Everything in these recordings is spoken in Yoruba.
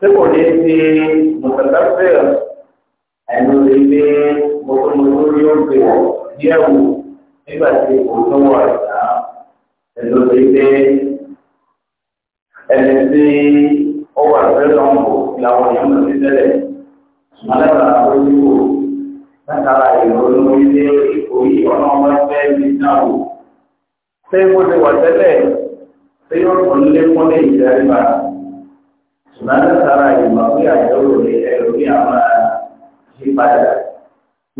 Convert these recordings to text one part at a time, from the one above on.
tí kò ní sí mùsàtàfẹ́ àìmọ̀ lè gbé mọ́tòmọ́tò yóò gbé díẹ̀ wò nígbà tí kò tó wà ìta ẹ̀lò lè gbé ẹni tí ó wà lẹ́yìn ọ̀pọ̀ ìlàwọ̀ yẹn mọ̀ sí tẹ́lẹ̀ alára olúwo látara ìrònú ilé orí ọ̀nà ọmọ ẹgbẹ́ mi náà wò. ṣé ti wà tẹ́lẹ̀ ṣé yóò tún lé fún ní ṣùgbọ́n sára ìmọ̀ pé àjọrò lè ẹlòmí àwọn àyípadà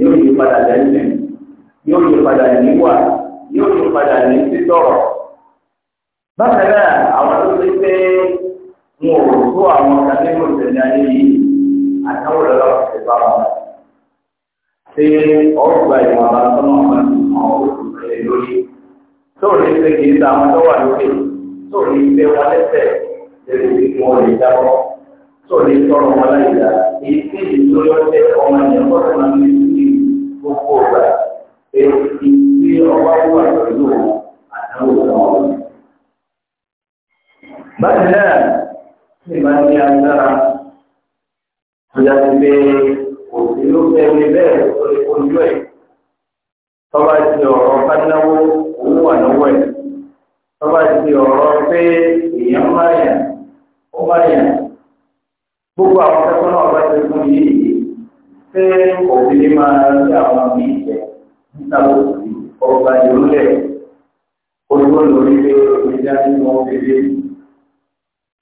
yóò yí padà lẹ́sìn yóò yí padà níwà yóò yí padà ní títọ̀rọ̀. bákan náà àwọn tó ti pé wọn ò tó àwọn kàdébò tẹ̀lé ayé yìí àtàwọn lọ́wọ́ ti bá wọn. ṣé ọgbà ìwọ̀n àbátọ́nà wọn àwọn olùkọ́ lórí tó lè ṣe kì í ta àwọn tó wà lókè tó lè ṣe wọn lẹ́sẹ̀ tẹ̀lé tí wọ́n lè dáwọ́ tó lè tọrọ wọn láyé dá èyí tí ìlú ọjọ́ ọmọ yẹn gbọ́dọ̀ máa ń lè gbogbo ọgbà èyí tí ọba wà pẹ̀lú àtàwọn ọ̀dọ́ báyìí náà ní ìbá ní agbára ìyá ti pé òṣèlú fẹ́mi bẹ́ẹ̀ lórí ojú ẹ̀ tọ́ba ti ọ̀rọ̀ kánáwó owó wà lọ́wọ́ ẹ̀ tọ́ba ti ọ̀rọ̀ pé èèyàn máa yàn ọba yẹn gbogbo àwọn akẹ́kọ̀ọ́ náà bá ti fún yìí ṣé òbílẹ̀ máa rí àwọn àmì ìjẹ níta lóṣù ọba ìrúlẹ̀ olúwo lórí pé ìjà ní wọn fèrè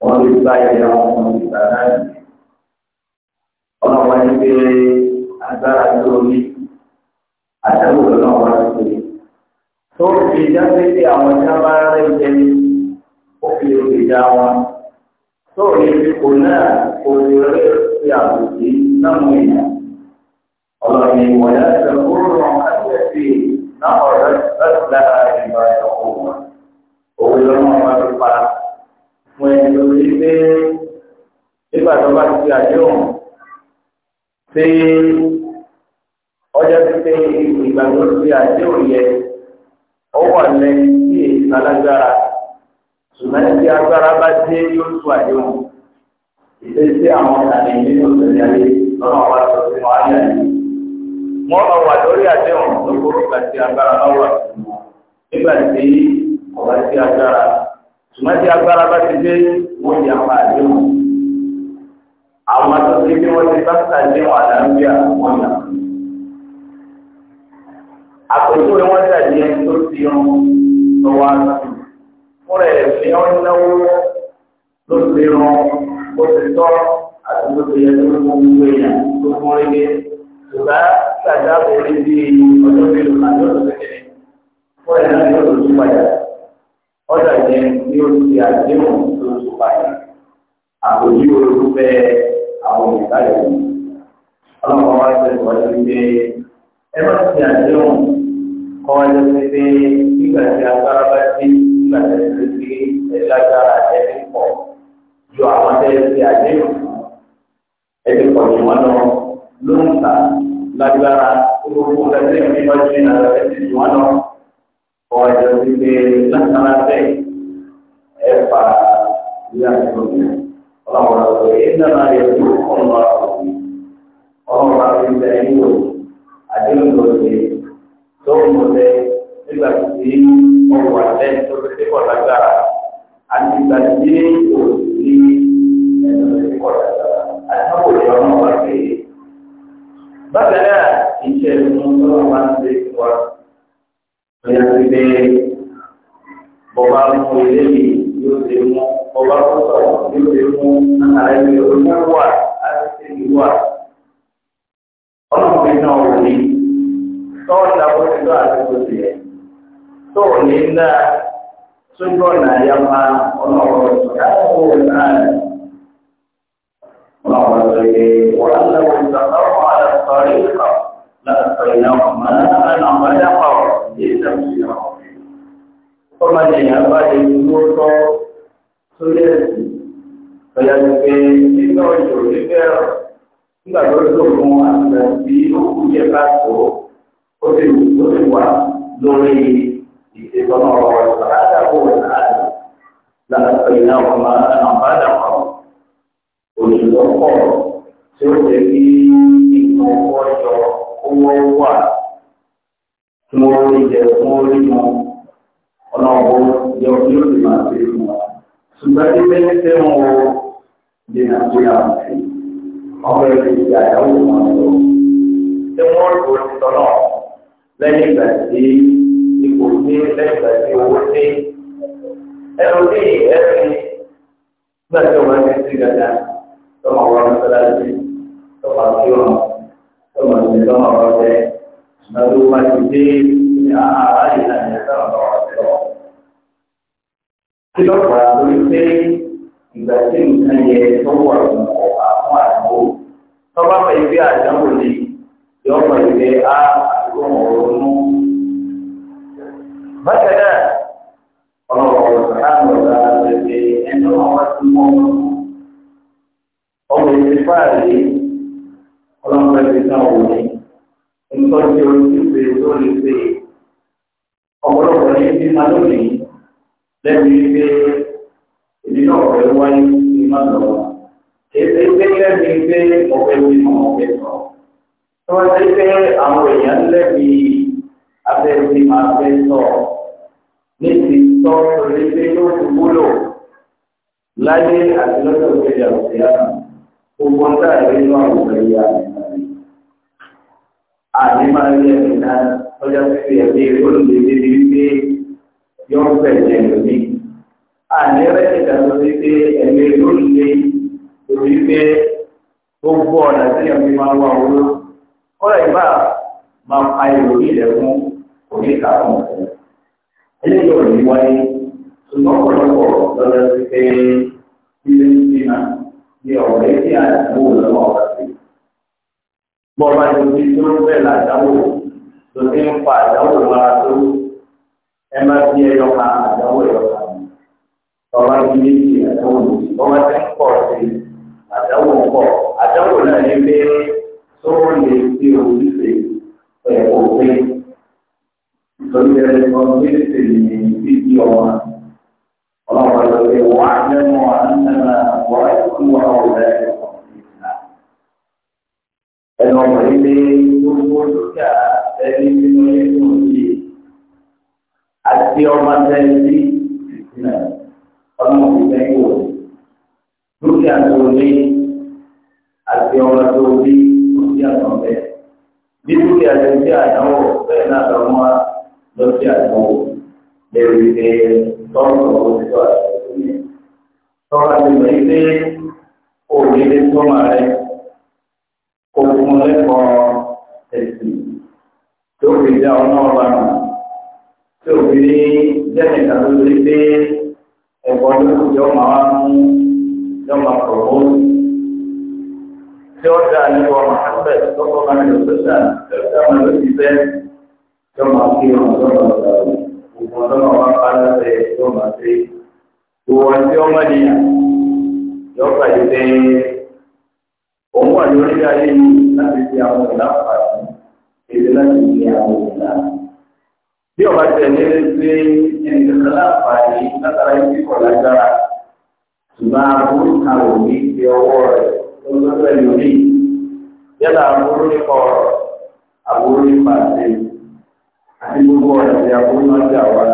wọn lè gba ìyá wọn fún ìgbà náà ọ̀nà wọn ni pé agbára tó ní àtẹ̀wò lọ́nà wọn ti pè tó fi jáde pé àwọn ìjà máa rẹ̀ jẹ́ ó fi lè gbèjà wọn tó o lè fi kò náà kò lè rí sí àbùsí láwọn èèyàn. ọlọ́run ìwọ̀n yá ṣe kúrò rán àti ẹ̀sìn náà ọ̀rẹ́ láti lára ìgbà ẹ̀kọ́ wọn. òun lọ́mọ wọn ti pa fún ẹni tó rí pé nígbà tó bá ti àdéhùn ṣé ọjọ́ ti pé ìgbà tó fi àdéhùn yẹ ó wà lẹ́yìn sí alágbára ṣùgbọ́n tí agbára bá dé yóò tú àdéhùn ìṣe sí àwọn ìlànà nínú ìṣẹ̀lẹ̀ ayé lọ́nà wa sọ sí wọn ayé àyè. wọ́n lọ wà lórí àdéhùn lókòrò kan tí agbára bá wà nígbà tí ọ̀gá tí agbára ṣùgbọ́n tí agbára bá ti dé wọ́n yà pa àdéhùn. àwọn atọ́sí bí wọ́n ti bá sàdéhùn àlàáfíà wọ́n yà. àpèjúwe wọn dàbí ẹni tó ti rán lọ́wọ́ àti fúnra ẹ̀ ní ọ́n náwó ló ti rán bó ti tọ́ àti bó ti yẹ ló mú gbogbo èèyàn tó fún rege ṣùgbọ́n gbàgbá kò rí bí ọjọ́ mélòó kan yóò tó kékeré fúnra ẹ̀ náà yóò tó tún padà ọjà yẹn ni ó àdéhùn tó tún padà àkòjú olùfẹ́ àwọn ìbáyọ̀ yìí wá ṣe ìwádìí wípé ẹ má ti àdéhùn kọ́ ẹjọ́ pé pé nígbà tí agbára bá dé nígbà tẹ̀lé tó gbé ẹ̀lágbára ẹ̀dí pọ̀ ju àwọn tẹ̀lé tí a dé ẹ̀dí pọ̀ ní wọn lọ ló ń ta lágbára gbogbo kẹsẹ̀ mi lọ sí ìlànà ẹ̀dí ní wọn lọ ọ̀ ẹ̀dọ̀ ti gbé látara bẹ́ẹ̀ ẹ̀ fà ìyá ìgbọ̀n ọlọ́run ọ̀rọ̀ yìí dáná yẹ kó ọ̀nà ọ̀rọ̀ ọ̀rọ̀ àti ìgbà yìí wò àdéhùn lọ́sẹ̀ tó ń mọ̀ lẹ́yìn nígbà tí ọrọ̀ wà lẹ́yìn tó fi kọ̀ lágbára àti ìgbà tí kò sí ẹ̀sọ́ tó fi kọ̀ lágbára àti wọ́n kò yọ ọmọ wa pé. bákan náà iṣẹ́ ìmú ọlọ́run máa ń ṣe fún wa lóyún àti pé bọ́bá ń mú ilé mi yóò ṣe mú bọ́bá ń sọ̀rọ̀ yóò ṣe mú àlàyé mi ò ní wà láti ṣe ìwà ọlọ́run mi náà wò ní tọ́ọ̀dà bó ti lọ àti bó ti yẹ tó ò ní ńlá sójú ọ̀nà àyàmá ọlọ́run ìyàwó náà ọlọ́run ìyè wọ́n lọ́wọ́ ìtàkọ́rọ̀ àlàkọ́rí kọ̀ látọ̀ ìyàwó máa ń àmọ́lẹ́ pọ̀ ní ìdàmúyọ̀. Ọmọ ènìyàn bá lè dúró tọ́ sórí ẹ̀sìn. Ọ̀yà ti pé nínú ìjò níbẹ̀rẹ̀ nígbà tó lóògùn àgbà tí ó kú yẹ bá tó ó sì wà lórí يسيطون الله هذا هو العالم لأسقيناه ماء غدقا olùdókòwò tí ó lè fi nǹkan ọwọ́ yọ owó wà tí wọ́n rí jẹ fún orí wọn ọlọ́wọ́ yọ kí ó sì máa fi fún wa. ṣùgbọ́n tí bẹ́ẹ̀ tẹ́ wọn wọ dènà sí àwọn sí ọmọ ẹgbẹ́ ìgbà ìyàwó wọn lọ tí wọ́n rò ó tọ́lọ̀ lẹ́yìn ìgbà tí ní lẹ́gbẹ̀ẹ́ sí owó dé ẹnu dé ẹ̀sìn nígbà tí ọmọ ẹni sí dáadáa tọmọ ọ̀rọ̀ mọ́sálásí tọmọ àti ọmọ tọmọ ìdílé tọmọ ọ̀rọ̀ jẹ ṣùgbọ́n tó ti dé ní àárín àyè sáà ọ̀rọ̀ jẹ lọ. kí ló fà á lórí pé ìgbà tí nǹkan yẹ tó wà fún ọ̀pá fún àdúgbò tọ́ba pẹ̀lú bí àdánwò ni yọ̀ọ́ pẹ̀lú bí a àdúgbò ọ̀rọ̀ mú bákan náà ọlọ́wọ́ sàánù ọ̀la bẹ̀rẹ̀ ẹnu ọ̀wá tí mọ́ ọmọ ìdí fáàlì ọlọ́pàá ti náà wò ní nítorí ojúṣe tó lè ṣe ọ̀pọ̀lọpọ̀ ní ti máa lónìí lẹ́nu pé èmi náà ọ̀rẹ́ wáyé ní má lọ. Èdè lẹ́nu pé ọ̀pẹ ti mọ̀ ọ̀pẹ sọ. Tí wọ́n ti pé àwọn èèyàn lẹ́bi abẹ́ ti máa fẹ́ sọ̀rọ̀ sọ òye pé yóò fi wúlò láyé àti lọ́sọ̀ kejì àti àná gbogbo ń tà lórí inú àwùjọ yìí àmì àmì máa rí ẹ̀mí náà lọ́jọ́ sí ẹ̀mí olùdó ìdílé wípé yóò bẹ̀rẹ̀ ẹ̀mí. àmì rẹ̀ ti dàgbà wípé ẹ̀mí olùdó torí pé gbogbo ọ̀nà tí ẹ̀mí máa wà owó kọ́lá ìbá máa pa ìròyìn rẹ̀ fún oníkàkùn rẹ̀ eléyìí ò ní wáyé ṣùgbọ́n ọ̀pọ̀lọpọ̀ lọ́dọ̀ sí pé ilé ń bímọ ní ọ̀rọ̀ èdè àdúgbò lọ́wọ́ ọ̀rọ̀ sí. bọ́ọ̀lá ti fi tó ń bẹ̀ làdáwò tó ti ń fa àdáwò lára tó ẹ má fi ẹyọ ka àdáwò ẹyọ ka ní. bọ́ọ̀lá ti ní ti àdáwò lò sí bọ́ọ̀lá ti ń pọ̀ sí àdáwò ń pọ̀ àdáwò náà ní pé tó lè fi òwúrọ̀ ẹ̀kọ́ pé lórí ẹ̀rọ méjèèjì ní bíbí ọmọ ọlọ́wọ́ lórí wà lẹ́nu ànàmà wà lẹ́nu wà ọ̀rẹ́ ẹnu ọmọ ilé gbogbo dúkìá ẹni tí wọ́n yẹ kó yìí àti ọmọ tẹ́lifí ìsìnà ọmọ ìgbẹ́ yìí wò dúkìá tó ní àti ọmọ tó ní dúkìá tó bẹ́ẹ̀ bí dúkìá tó ní àyàwó bẹ́ẹ̀ náà lọ́mọ́ àti lọ sí àdánwò lẹ́rù pé tọ́lọ̀ owó ti tọ́ àdánwò yẹn. Tọ́lá ti mọ̀ ní pé òní lè tọ́mà rẹ̀ kó fún lẹ́kọ̀ọ́ ẹ̀sìn tó fi dá ọ náà bá nù. Tí òbí ní jẹ́nì kan tó lè pé ẹ̀kọ́ ló kù jọ máa wá mú jọ máa pọ̀ ó. Tí ó dáa nípa Mùhàmmẹ́d tó kọ́ máa ń lò sọ́sà, tó dáa máa lò sí bẹ́ẹ̀ yóò máa kí ọmọ tó máa gbà wò ògùn tó máa wá padà bẹ yóò máa ṣe ìwọ tí ó má nìyà yóò pàdé pé òun wà lórí ayé yìí láti fi àwọn ìlà pàtó èdè láti fi àwọn ìlà. bí ọba tẹ̀lé pé ẹnì kankan láǹfààní látara ibi kọ̀ lágbára ṣùgbọ́n aburú kan ò ní ti ọwọ́ rẹ̀ lọ́sọ̀rọ̀ ẹ̀yọ́ ní yálà aburú nípa ọ̀rọ̀ aburú nípa àṣẹ. ní gbogbo ẹ̀sẹ̀ àkóńnájà wa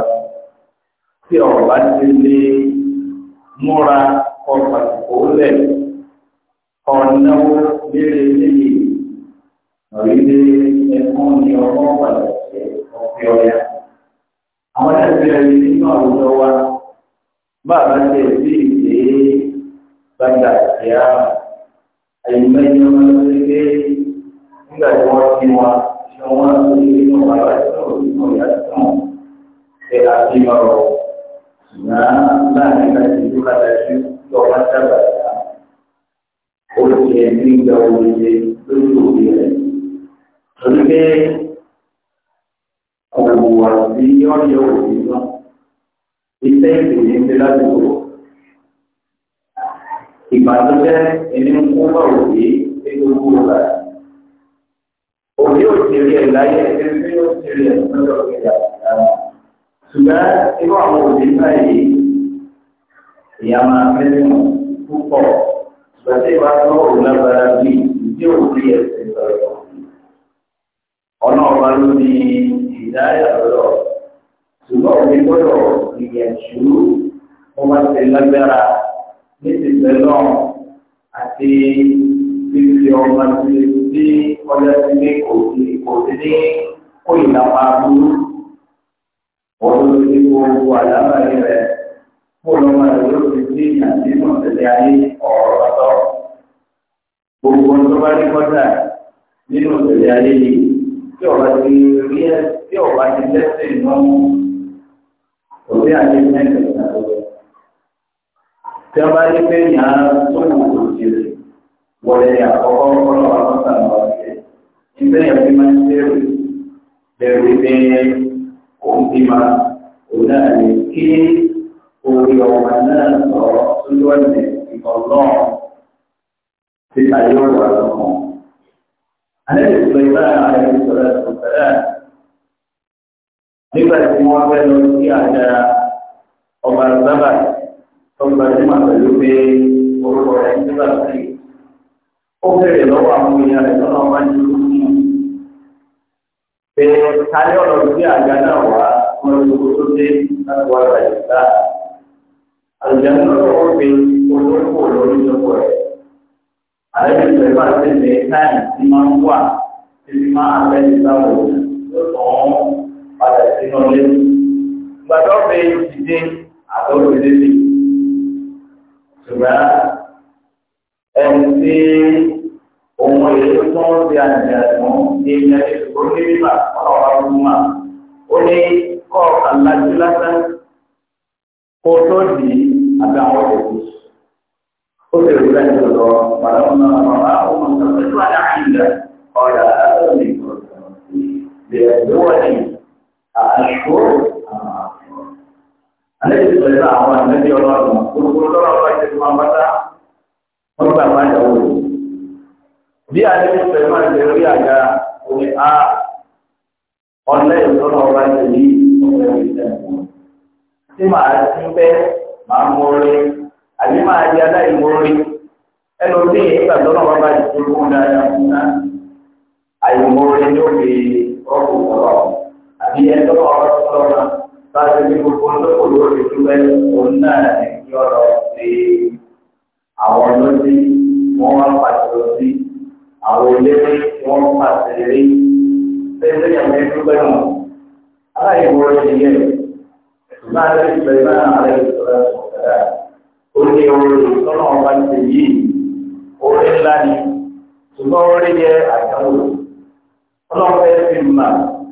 tí ọ̀bá ti lè múra ọ̀pá òlẹ̀ ọ̀náwó léèrè léyè ọ̀rílẹ̀ ní ọgbọ́n pàtàkì ọ̀fẹ́ ọ̀yà. Àwọn ẹ̀sẹ̀ rẹ̀ nínú àwùjọ wa bàbá tẹ̀ sí ìdè ọmọ nígbà tí wọ́n ti ìmọ̀ ìyára kan ṣe àfihàn ṣùgbọ́n láàrin láti ìlú kàdájú lọ́wọ́ sábà yá ó ṣe ní ìgbà òwúrẹ́ lójú òbí rẹ̀. torí pé ọ̀rọ̀ wà sí ọ̀yọ́ òbí náà iṣẹ́ ìpìlẹ̀ ẹni ń kó bá òbí ní gbogbo ìgbà yóò tẹ̀lé ẹ̀ láyé ẹgbẹ́ yóò tẹ̀lé ẹ̀ lọ́dọ̀ ìgbà ṣùgbọ́n irú àwọn òbí báyìí ìyá máa mẹ́rin púpọ̀ ṣùgbọ́n tí ìwà tó wọ̀ lábára bí ìdí òbí ẹ̀sìn sọ̀rọ̀ ọ̀nà ọba ló ní ìdáyà lọ́dọ̀ ṣùgbọ́n òbí gbọ́dọ̀ ìyẹ̀jú wọ́n bá ti lágbára ní ìfẹ́ náà àti fífi ọmọ kọjá sí pé kò sí kò sí ní kó ìlàpá burú wọ́n ló ti gbogbo àlámàlẹ́ rẹ̀ kó lọ́mọ rẹ̀ ló ti sí ìyàtí mọ̀tẹ́lẹ́ ayé ọ̀rọ̀ ọ̀tọ̀ gbogbo tó bá ní kọjá nínú ìtẹ̀lẹ́ ayé yìí tí ọ̀rọ̀ ti rí ẹ tí ọ̀rọ̀ ti lẹ́sẹ̀ náà òbí àti mẹ́tẹ̀ ìgbàlódé tí wọ́n ní pé yàrá tó wù kò jèrè wọlé àkọ́kọ́ kọ́lọ́ àwọn sàmọ́ ìgbẹ́ yẹn fi máa ń bẹ̀rù bẹ̀rù pé òun ti máa òun náà lè kí orí ọmọ náà sọ̀rọ̀ lójú ọ̀nà ìkọ̀lọ́ títa yóò wà lọ́kàn. Alẹ́ ìsọ ìgbà ààrẹ ìsọ̀rọ̀ ìsọ̀rọ̀ nígbà tí wọ́n fẹ́ lọ sí àjà ọba sábà tó gbajúmọ̀ pẹ̀lú lọ́wọ́ àwọn èèyàn lọ́nà ọba jùlọ pé kálí ọ̀rọ̀ gbé àga náà wá wọn ló kó tó dé láti wá ra ìgbà àlùjáde náà wọ́n fi olóko lórí ìjọpọ̀ rẹ̀ àlejò ìgbẹ́ máa ti lè táyì tí máa ń wà títí máa abẹ́ ìgbàwò lọ́sàn-án padà sínú ilé gbàdọ́ fi dìde àtọ́rọ̀ ilé ṣùgbọ́n ẹni tí òun èyí tó ń fi àjẹmọ́ ní ilé nípa ọ̀rọ̀ ọ̀rùnmá ó ní kọ́ àlájú lásán kó tó di àbí àwọn òkú ó sì rí bẹ́ẹ̀ lọ́dọ̀ padà wọn náà wọn bá wọn mọ̀ sọ pé tó àdá àyíká ọ̀dà àtọ́ni bẹ̀rẹ̀ lọ́wọ́lẹ̀ àṣọ alẹ́ ti sọ̀rọ̀ àwọn àgbẹ̀bí ọlọ́run gbogbo lọ́wọ́ bá ti máa bá dá wọ́n gbà máa yàwó bí alẹ́ ti sọ̀rọ̀ máa ń jẹ́ orí àga omi a ah, ọ̀lẹ́ ìtọ́nà ọba ti rí ọ̀rẹ́ ìtẹ̀kùn. Tí màá ti bẹ́ màá mú orí, àbí máa di aláìmú orí. Ẹnu tí ìgbà tọ́nà ọba bá ti kú dáadáa fún náà, àìmú orí ni ó fi rọ́pò sọ̀rọ̀. Àbí ẹjọ́ ọ̀rọ̀ sọ̀rọ̀ náà, bá a ti fi gbogbo lóko lórí ìdúpẹ́ òun náà ní kí ọ̀rọ̀ sí àwọn lọ́sí, wọ́n wá pàṣẹ lọ́sí, àwọn eléré Saya yang menentukan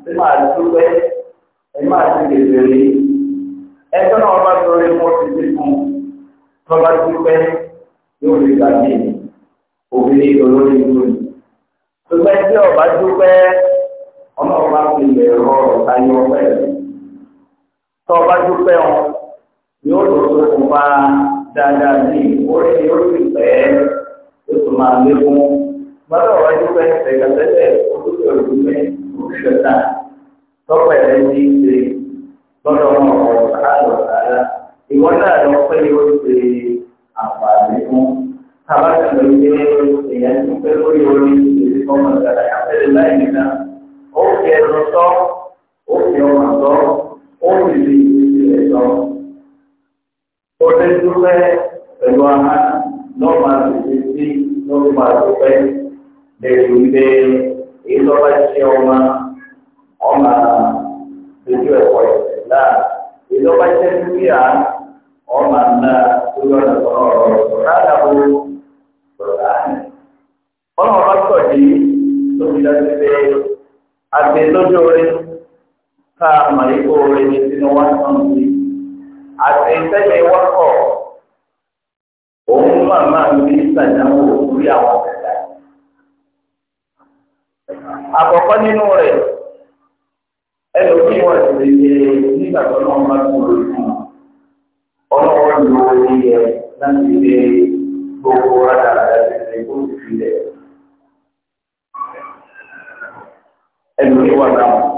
apa dúpẹ́. àlàyé ọpẹ́ rẹ̀. Tọ́ ọba dúpẹ́ wọn yóò lọ sókùnfà dáadáa sí orí ni ó sì pẹ́ ó sì máa lékún. Mọ́tò ọba dúpẹ́ tẹ̀gàtẹ́tẹ̀ olùkọ́ ìdúpẹ́ òṣèlú tọ́pẹ́ rẹ̀ ti ṣe lọ́dọ̀ wọn ọ̀rọ̀ àlọ́ àlá. Ìwọ́n náà lọ pé ó ṣe àǹfààní fún. Tàbá tẹ̀lé ṣe èèyàn dúpẹ́ lórí orí ìṣèlú ọmọ ìgbàlá yàtọ̀ láì nìkan. Ó fi ẹnu sọ ó fi ọmọ àtọ́ ó fi lè fi ẹ̀tọ́ ó lé dúpẹ́ pẹ̀lú aha lọ́ọ̀mà tètè sí lọ́ọ̀mà dúpẹ́ lẹ́yìn pé èyí tó bá ṣe ọmọ ọmọ lójú ẹ̀kọ́ ìṣẹ̀lá èyí tó bá ṣe dúkìá ọmọ àná tó yọ̀nà ọ̀rọ̀ rárá o rárá ni. ọlọ́run bá sọ̀dí lóbi dájú pé àgbẹ̀ lójú orí tá a mọ̀ yìí kó rẹ ní sínú wá sàn sí àti ìtẹ́lẹ̀ wọ́pọ̀ òun máa máa ń bí sàdáwò orí àwọn ọ̀gá. àkọ́kọ́ nínú rẹ̀ ẹlòmíì wọ́n ti lè ṣe nígbà tó náà máa kú lórí ọlọ́wọ́ lu orí yẹ láti lè gbogbo rárá àti ìgbò ìfilẹ̀. ẹlòmíì wà láwọn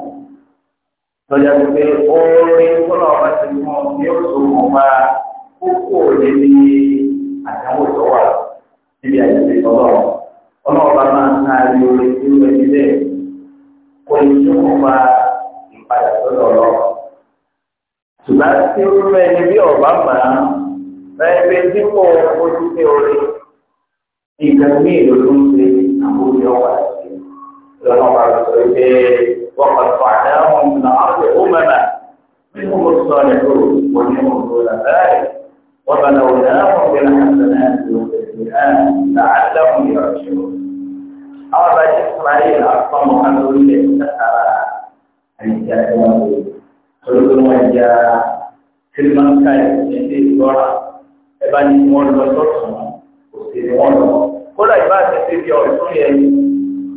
tọ́jà tó pé oore kọ́lọ̀ ọba ti mú yóò tó mọ̀ bá kókó níbi àdáwò tó wà níbi àyẹ̀wò ìtọ́lọ̀ ọlọ́ọ̀bá máa ń sáré oore tó lọ sílẹ̀ kó èso mọ̀ bá ìpadà tó lọ lọ. ṣùgbọ́n tí ó rú ẹni bí ọ̀bá máa bẹ́ẹ̀ pé dípò ojú pé oore ìgbà míì ló ń ṣe àwọn olùyọ̀wà lọ́nà ọba sọ pé. وقطعناهم من الأرض أمما منهم الصالحون ومنهم الظلماء وبلوناهم بالحسنات والسيئات لعلهم يرجعون أربع إسماعيل أعطى محمد للسحرة أن يأتوا قلوب وجاء في المنكر يأتي الصورة إبان يقول لصوتهم وسيرون كل إبان تسيبي أو يسوي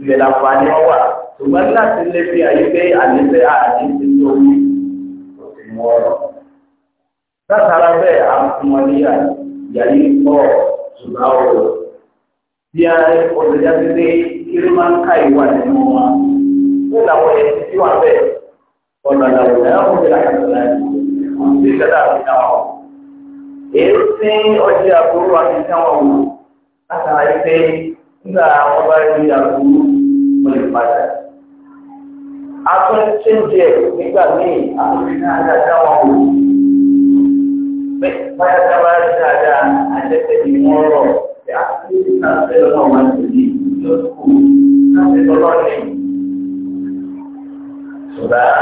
يلاقاني هو ṣùgbọ́n láti lè fi àyè pé àlefẹ́ kò sí mú ọ̀rọ̀. látara bẹ́ẹ̀ a fún wọn ní yàrá pọ̀ ṣùgbọ́n ọ̀rọ̀ a ọ̀dọ̀já ti dé kiri máa ń ká ìwà nínú wọn. ó làwọn ẹ̀ ti wà bẹ́ẹ̀ ọ̀nà làwọn ẹ̀ ń bẹ̀rẹ̀ èyí àbúrò àti látara yìí pé nígbà atúnṣe nígbà míì àtúnṣe dáadáa wọn wò bẹ́ẹ̀ báyà dábàá rí dáadáa àjẹsẹ ni wọn rọ bí a ti ní káńtẹ lọ́nà wọn ti di lọsùkù káńtẹ lọ́nà ní. ṣùgbọ́n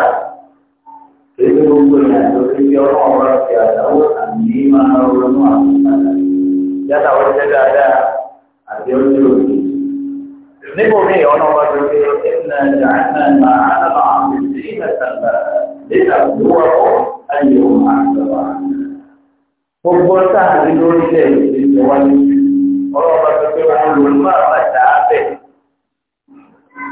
èyí gbogbo ìrìnàjò tí bí ọlọ́run bá fi àdáwó àmì máa ronú àtúnṣe yálà ó jẹ́ dáadáa àti ó jẹ́ òní níbo mi ọ̀nà ọ̀dọ̀ pé ẹ̀nà ìdáná máa àlọ́ àwọn ìdílé mẹ́tàlá nígbà tó wà ó ayé òun àgbà. Gbogbo sáà ní lórílẹ̀ èdè ìjọwájú ọ̀rọ̀ ọba tó pé wọn lò ní máa bá dà á bẹ̀.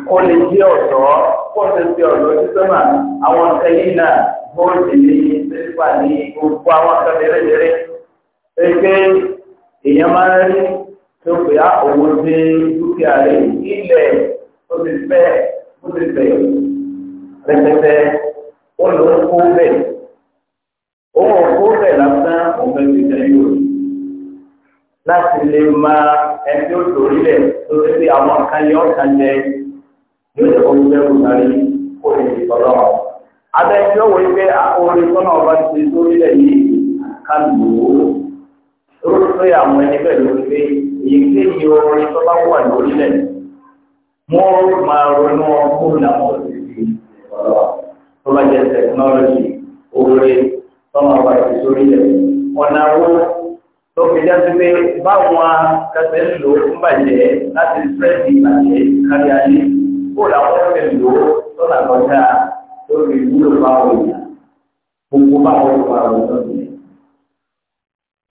Kó lè jẹ́ ọ̀dọ́, kó lè fi ọ̀dọ́ sísọ́mà, àwọn nǹkan náà bóòdì ní sílífà ní gbogbo àwọn nǹkan mẹ́rẹ̀ẹ́rẹ́. Pé èèyàn máa ń rí tó pé á ah, òun dé dúkìá rẹ̀ ilẹ̀ ó ti fẹ́ ó ti fẹ́ rẹpẹtẹ ó lọ kó bẹ̀ òun ò kó bẹ̀ lásán òun fẹ́ fi tẹ̀lé yòó láti lè máa ẹni ó dòrí lẹ̀ tó ti fi àwọn nǹkan yọ ọ̀tá jẹ yóò jẹ́ kó fẹ́ kó sáré kó lè fi tọ́lọ́ abẹ́jọ́ wo pé ah, orin tọ́nà ọba ti sórílẹ̀ yìí ká lò ó tó pé àwọn ẹni bẹ́ẹ̀ ló pé èyí tí èyí orin tó bá wà lórílẹ̀ wọ́n máa ronú ọkùnrin làwọn òṣèlú ọ̀rọ̀ tó bá jẹ́ tẹkinọ́lọ́jì oore tọ́mọ àwọn àti sórílẹ̀ ọ̀nà wo tó fi jáde pé báwọn kẹsẹ̀ ń lò ń bàjẹ́ láti fẹ́ẹ̀dì ìbàjẹ́ kárí ayé kó làwọn fẹ́ lò tọ́nà kọjá lórí ìwúlò báwọn èèyàn gbogbo báwọn olùkọ́ àwọn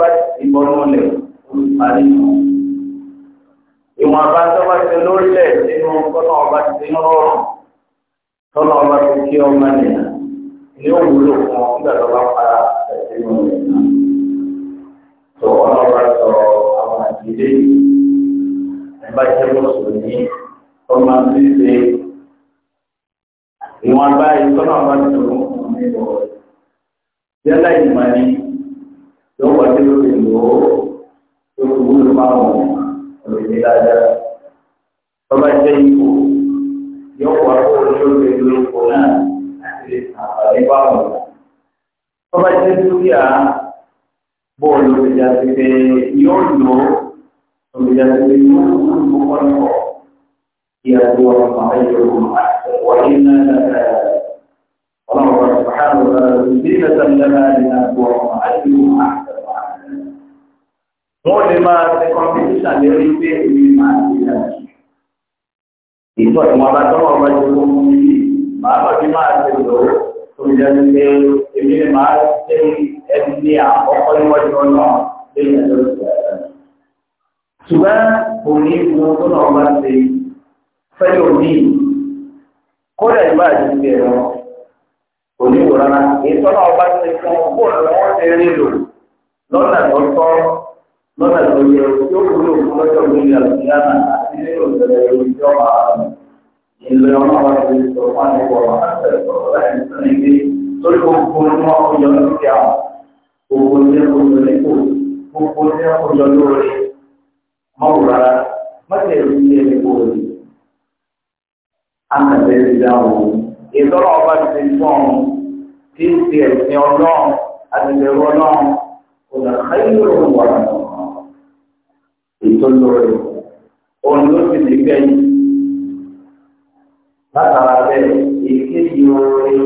bá ti bọ́nú lẹ̀ olùparí nù. ìwọ̀n bá tó bá ti lórílẹ̀ nínú tọ́nà ọba ti ń rọrùn tọ́nà ọba ti kí ọmọ nìyà ni ó wúlò fún ọ nígbà tó bá para ẹ̀sìn nù rẹ̀ náà. tó ọ̀nà ọba sọ àwọn àdìlé ẹ̀ bá jẹ́ mùsùlùmí ọmọ àti ṣe ìwọ̀n báyìí ọba ti lórílẹ̀ nínú ọ̀rẹ́ yálà ìmọ̀ ni yóò wá sí lórí ìlú yóò fi wúlò fáwọn olùdíje dáadáa tọ́ba jẹ́ ipò yóò wá kó olóògbé ló ipò náà àti àǹfààní fáwọn tọ́ba jẹ́ dúkìá bóòlù olùdíje àti pé yóò lò olùdíje àti pé yóò wúlò fọ́kọ́ nípò ìyàtọ̀ àwọn ẹ̀yọ̀ wọ́n iná dáadáa. الله سبحانه وتعالى زينة لنا لنبوة أجرها wọ́n lè máa ṣe kọ́mpútà lérí pé èmi máa ṣe ìdájọ́. ìtọ́ ìwọ̀n bá tọ́wọ́ ọba jù lọ fún mi màá bá fi máa ṣe lò ó tó ń jẹ́ pé èmi lè máa ṣe ẹni ní àkọ́kọ́ níwájú náà lẹ́yìn ẹ̀rọ ìgbàlódé. ṣùgbọ́n kò ní ìwọ̀n tó náà bá ṣe fẹ́lẹ́ òní kódà ìbá àti ìgbẹ́ ẹ̀rọ kò ní ìwòrán náà ìtọ́nà ṣe fún bóòlù lọ́dà tó yẹ yóò wúlò lọ́jọ́ lórí àlùfíàmà àti nínú ìṣẹ̀lẹ̀ ìjọ ààrùn ìlú ọmọ wa ti sọ fún àdúgbò ọmọ àti ẹ̀kọ́ sọ ní pé lórí gbogbo ọmọ ọyọ lókè àwọn gbogbo ní ẹ̀kọ́ lórípò gbogbo ní ẹ̀kọ́ yọ lórí mọ́wù rárá mọ́tì ẹ̀rù ní ẹ̀kọ́ rẹ̀ àtàlẹ́ ti dáhùn ìtọ́lọ́ ọba ti fún ọ kí n ti ẹ̀sìn ọlọ́run àti ọlọ́run kò nà káyọ̀ wà lọ́wọ́ ìtọ́jú rẹ̀ òun ló sì ní gbẹ̀yìn. látara bẹ́ẹ̀ èkéyìí orin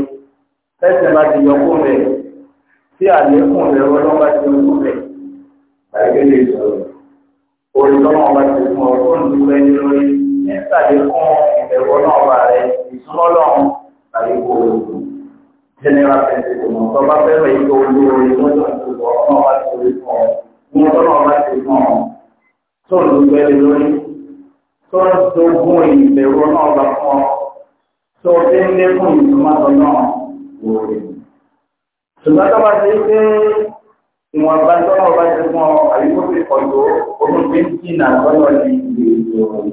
tẹ́sẹ̀ máa ti yọ kó rẹ̀ tí àlékún rẹ̀ ọlọ́run bá ti yọ kó rẹ̀ láìpẹ́ lè sọ̀rọ̀. orin tọ́lọ́ ọba ti fún ọ tó ń dúpẹ́ ní lórí nígbà ìbẹ̀wọ̀ náà bá rẹ̀ ìsúná lọ́run tàbí kó o lò. general principle mọ̀ tọ́ba fẹ́ràn ìtọ́jú orin mọ́tò ìtòkọ̀ ọ̀nà ọba ti rí fún tó ń lu ẹni lórí tó ń dogun ìbẹ̀rù náà lọ fún ọ tó ti ń lékún ìtumọ̀tọ̀ náà wò ó. ṣùgbọ́n tó bá ti pé ìwọ̀nba tó náà bá ti fún ọ àyíkó ti pọ̀ tó omi ti ń jìnnà lọ́yọ̀ ní ìgbèrú òru.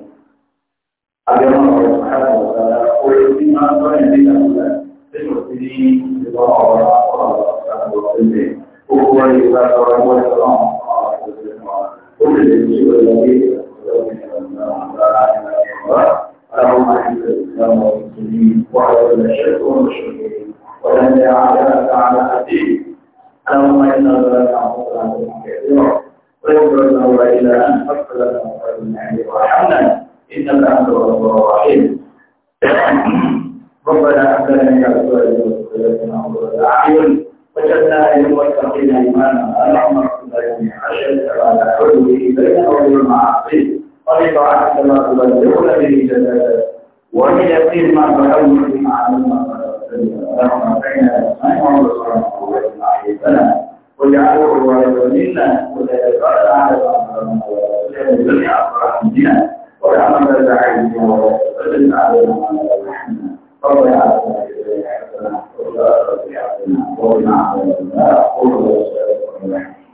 Abiyama ọ̀rọ̀ ṣáà ọ̀rọ̀ orí tí máa ń tọ́ ẹ̀dí ìdàgbà nínú sí ní ìwọ ọ̀rọ̀ ọ̀rọ̀ ṣàkóso ilé. Ó kúrò ìgbà sọ̀rọ̀ ìwọ́n ìṣọ̀rọ̀ ọ̀rọ̀ ìṣẹ̀lẹ̀. وجدنا للمتقين إماما اللهم أن عشرت على حلمه بين أمر المعاصي طلب ما تبلغون به جسدك ومن يقين ما تحول في معلومة ما بين الأسماء والبصر وبين معرفتنا واجعله الوارث منا وتجعل على أمرنا وتجعل أمرنا ويعمل الداعي وتجعل على أمرنا ربنا على أمرنا وتجعل على أمرنا وتجعل على أمرنا